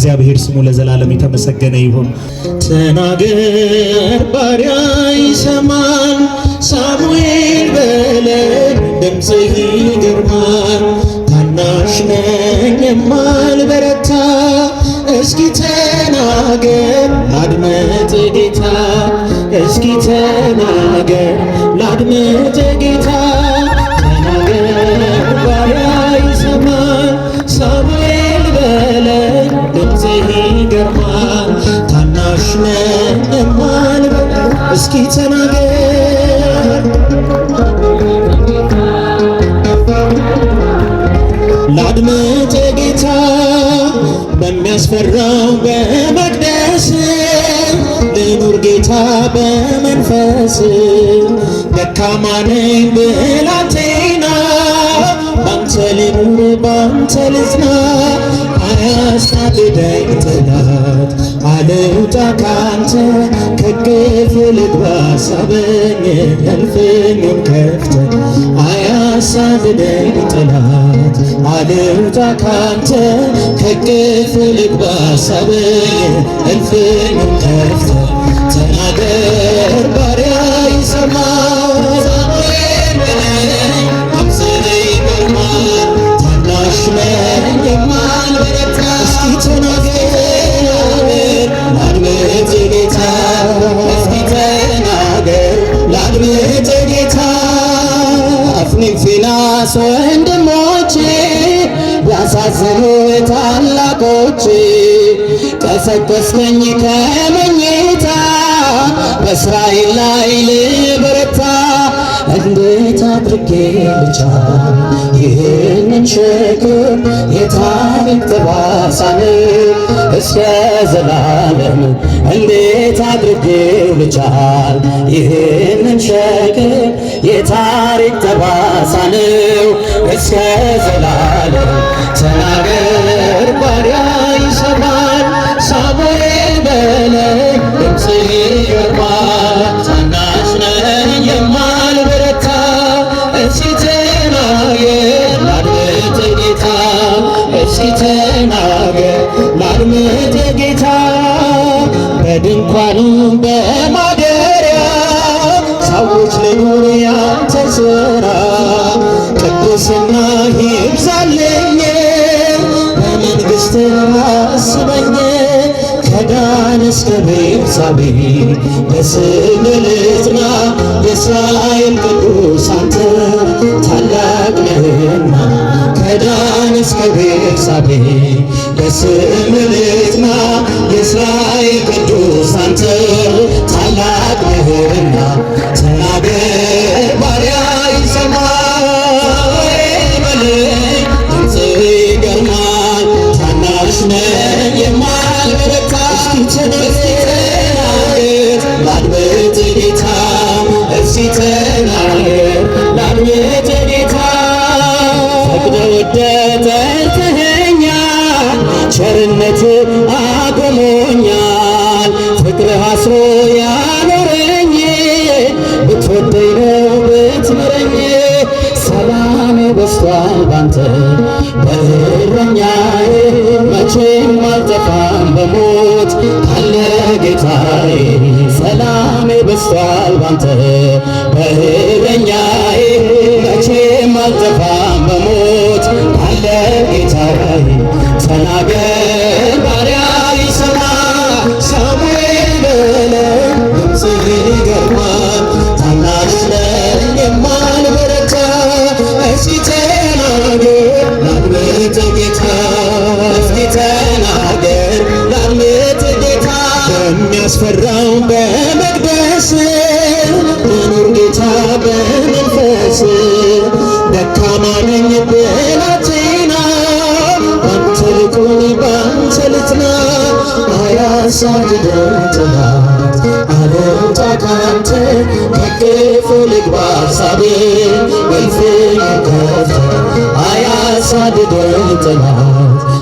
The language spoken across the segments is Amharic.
እግዚአብሔር ስሙ ለዘላለም የተመሰገነ ይሁን። ተናገር ባሪያ ይሰማል፣ ሳሙኤል በለ ድምፅህ ይገርማል። ታናሽ ነኝ በረታ፣ እስኪ ተናገር ላድመጥ ጌታ፣ እስኪ ተናገር ላድመጥ ጌታ፣ እስኪ ተናገር ላድመጥ ጌታ ለማን እስኪ ተናገር ላድምጥ ጌታ በሚያስፈራው በመቅደስ ልኑር ጌታ በመንፈስ ደካማ ነኝ ብላቴና ባንተ ልኑር ባንተ ልጽና አያሳድደኝ ጠላት አልውጣ ካንተ ከግፍ ልግባ ሳበኝ ከፍተ አያሳድደኝ ጠላት አልውጣ ካንተ ከግፍ ልግባ ሳበኝ ከፍተ ተናገር ባሪያ ይሰማል ታናሽ ነኝ የማልበረታ ራስ ወንድሞቼ ያሳዝኑ ታላቆቼ ቀሰቀስከኝ ከመኝታ በእስራኤል ላይ ልበረታ እንዴት አድርጌ ልቻል ይህንን ሸክም የታሪክ ጠባሳን እስከ ዘላለም እንዴት አድርጌው ልቻል ይህንን ሸክም የታሪክ ጠባሳ ነው እስከ ዘላለም ተናገር ባሪያ በስምህ ልጽና፣ የእስራኤል ቅዱስ አንተ ታላቅ ነህና ከዳን እስከ ቤርሳቤህ በስምህ በሞት አለ ጌታዬ፣ ሰላሜ በስቷል ባንተ በእረኛዬ፣ መቼም አልጠፋም በሞት አለ ጌታዬ ተናገር ያስፈራው በመቅደስ መኖር ጌታ በመንፈስ ደካማ ነኝ ብላቴና ባንተ ልቁን ባንተ ልትና አያሳድደን ጥላት አለውጣ ካንተ ከቅፉ ልግባ ሳቤ መልፍ ከፍተ አያሳድደን ጥላት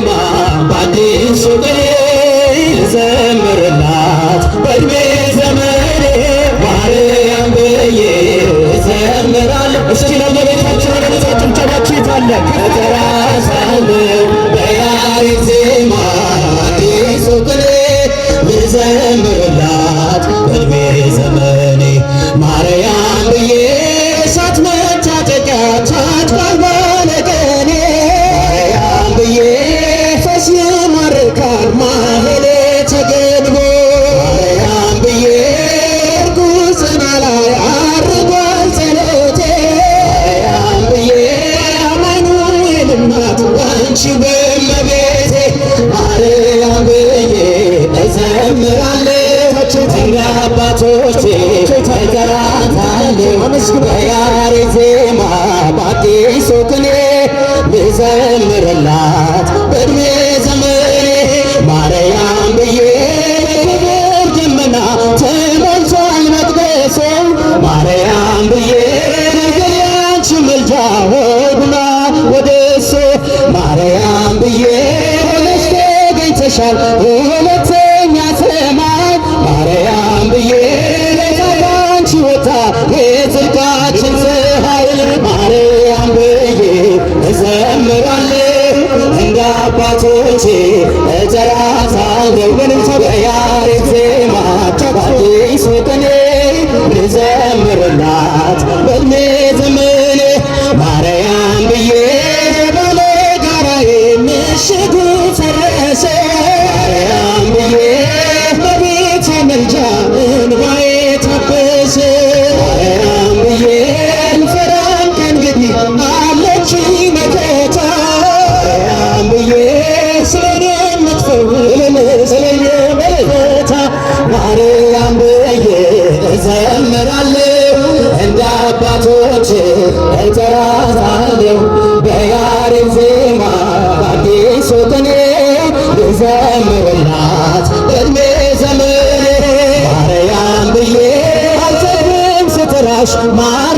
ዜማ በአዲሱ በእድሜ ዘመኔ ማርያም ብዬ ዘምራል። እስኪ ለመቤታችን ለቤታችን ጨባችሁ ይታለ ከተራሳለው በያሬድ ዜማ ቅኔ በእድሜ ዘመኔ ማርያም ብዬ አንቺ በለቤቴ ማርያም እዘምራለሁ እኛ አባቶቼ እጠራታለሁ በያሬ ዜማ አባቶቼ እጨራሳ ገልበንም ሰበያሬት ዜማ አዲስ ወቅኔ ልዘምርላት በእድሜ ሶተኔ ልዘምርላት እድሜ ዘመኔ ማርያም ብዬ አልዘግም ስትራሽ ማር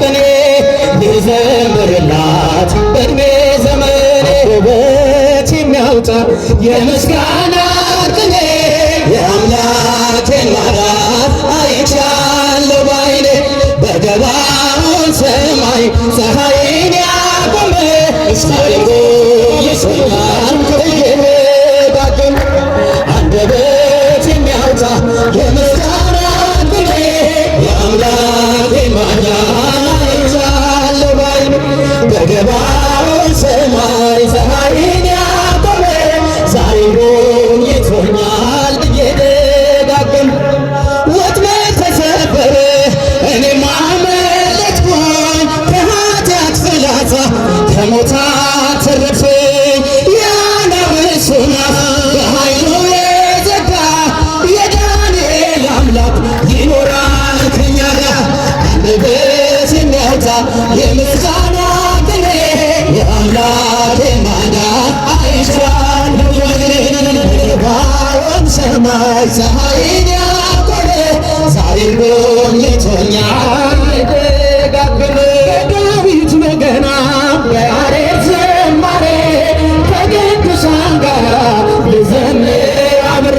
ቅኔ ልዘምርላት በእድሜ ዘመኔ ውበት የሚያወጣ የምስጋና ቅኔ የአምላኬ ማራ የምስጋና ቅኔ የአምላኬ ማዳን አይስራን በባሮን ሰማይ ፀሐይን ያቆመ ዛሬ ጎብኝቶኛል ደጋግም ዳዊት በገና የያሬድ ዝማሬ ከቅዱሳን ጋር ልዘምር አብሬ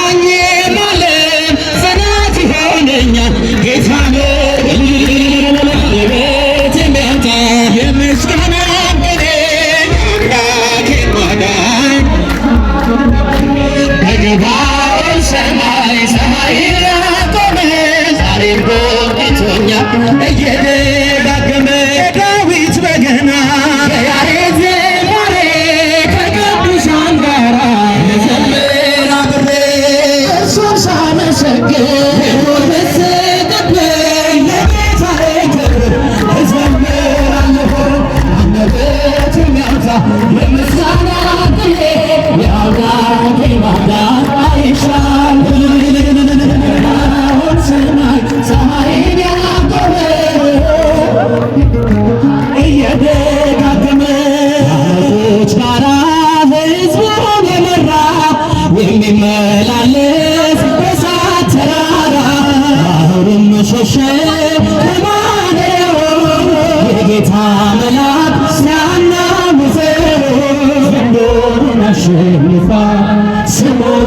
አሸንፏል፣ ስሙን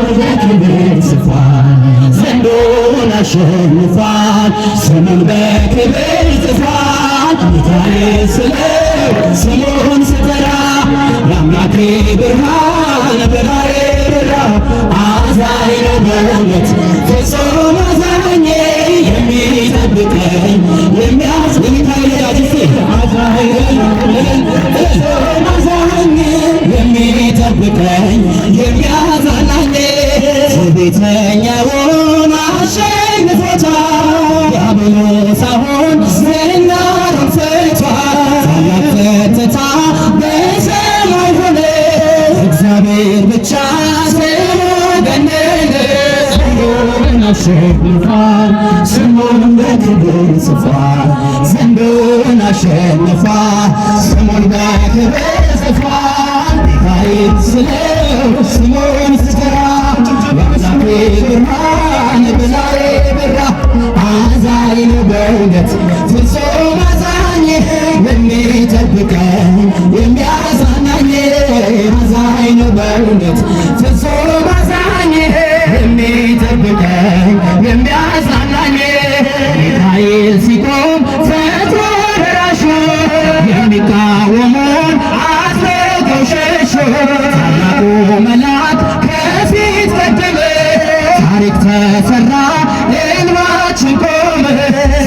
በክብር ጽፏል። ዘንዶን አሸንፏል፣ ስሙን በክብር ጽፏል። ጌታዬ ስለው ስሙን ስጠራ የአምላኬ ብርሃን በራዬ በራ አዛኝ ነው በእውነት ፍጹም አዛኜ የሚጠብቀኝ ሲገኝ የሚያዛናኝ ትዕቢተኛውን አሸንፎታል። ዲያብሎስ አሁን ዝናውን ፈቷል። ታላቅ በሰማይ ሆነ። እግዚአብሔር ብቻ ስሙ ገነነ። አሸንፏል። ስሙን በክብር ጽፏል። ዘንዶን አሸንፏል። ስሙን በክብር ጽፏል። መድኃኒት ስለው ስሙን ስጠራ የአምላኬ ብርሃን በላዬ በራ። አዛኝ ነው በእውነት ፍጹም አዛኝ የሚጠብቀኝ የሚያጽናናኝ አዛኝ ነው በእውነት ፍጹም አዛኝ የሚጠብቀኝ የሚያጽናናኝ ታላቁ መልአክ ከፊት ቀደመ፣ ታሪክ ተሰራ፣ እንባችን ቆመ።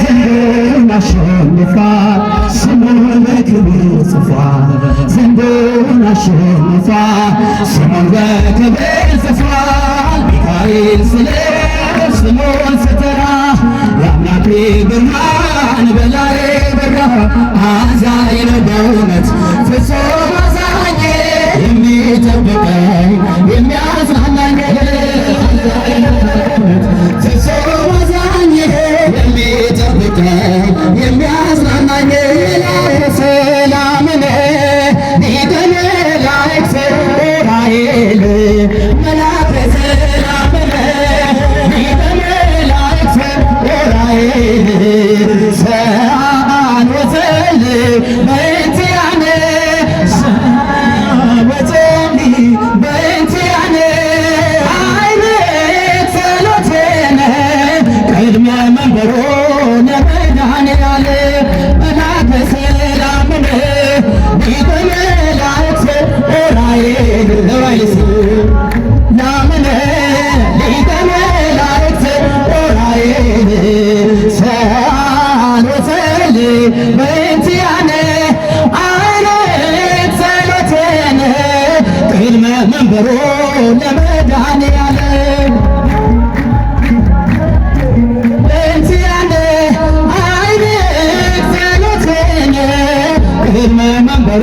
ዘንዶውን አሸንፏል፣ ስሙ በክብር ጽፏል። ዘንዶውን አሸንፏል፣ ስሙን በክብር ጽፏል። ሚካኤል ስለ ስሙን ስጠራ የአምላኬ ብርሃን በላዬ በራ አዛኝ ነው በእውነት ፍጹም Hey, be ክብር ለመድኃኔዓለም ለእንቲአነ አይነ ጸሎቴነ ቅድመ መንበሮ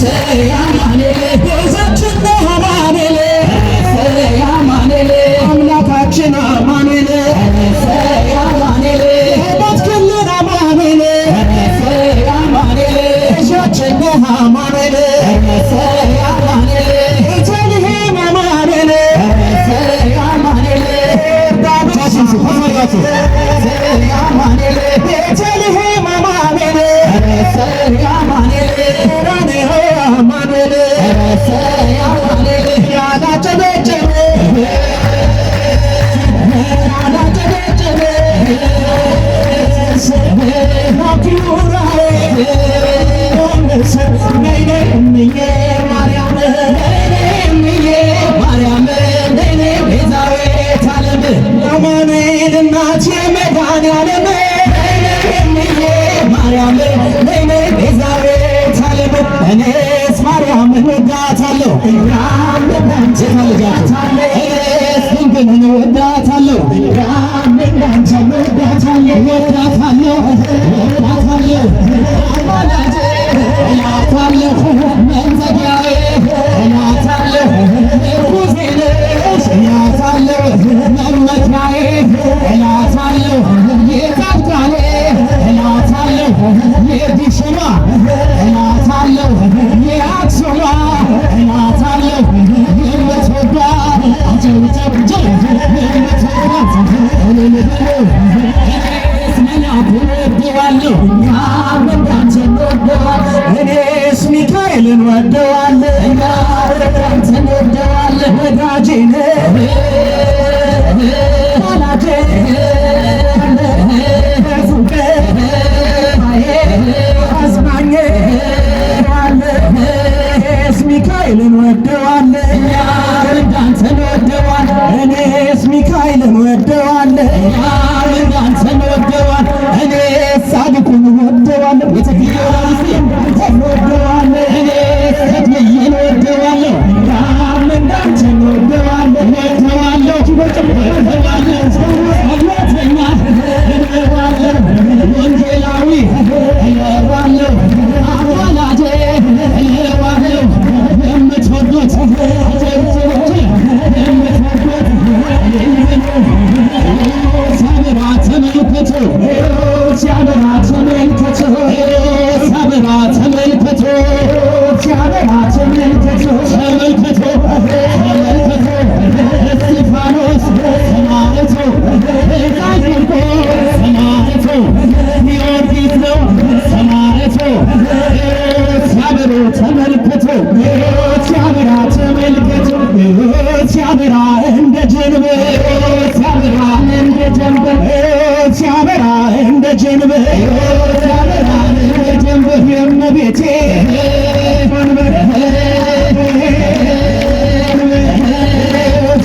say I'm with a video. ተመልከቶ ሕይወት ሲያበራ ተመልከቶ ሲያበራ እንደ ጀንበር ሕይወት ሲያበራ እንደ ጀንበር ሕይወት ሲያበራ እንደ ጀንበር ሲያበራ እንደ ጀንበር የእመቤቴ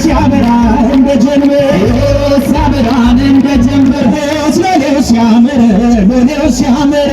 ሲያበራ እንደ ጀንበር ሲያበራ እንደ ጀንበር ሲያምር ሲያምር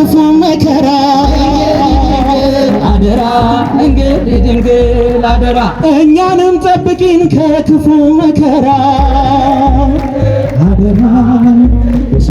ከክፉ መከራ አደራ እንግዲህ ድንግል አደራ እኛንም ጠብቂን ከክፉ መከራ አደራ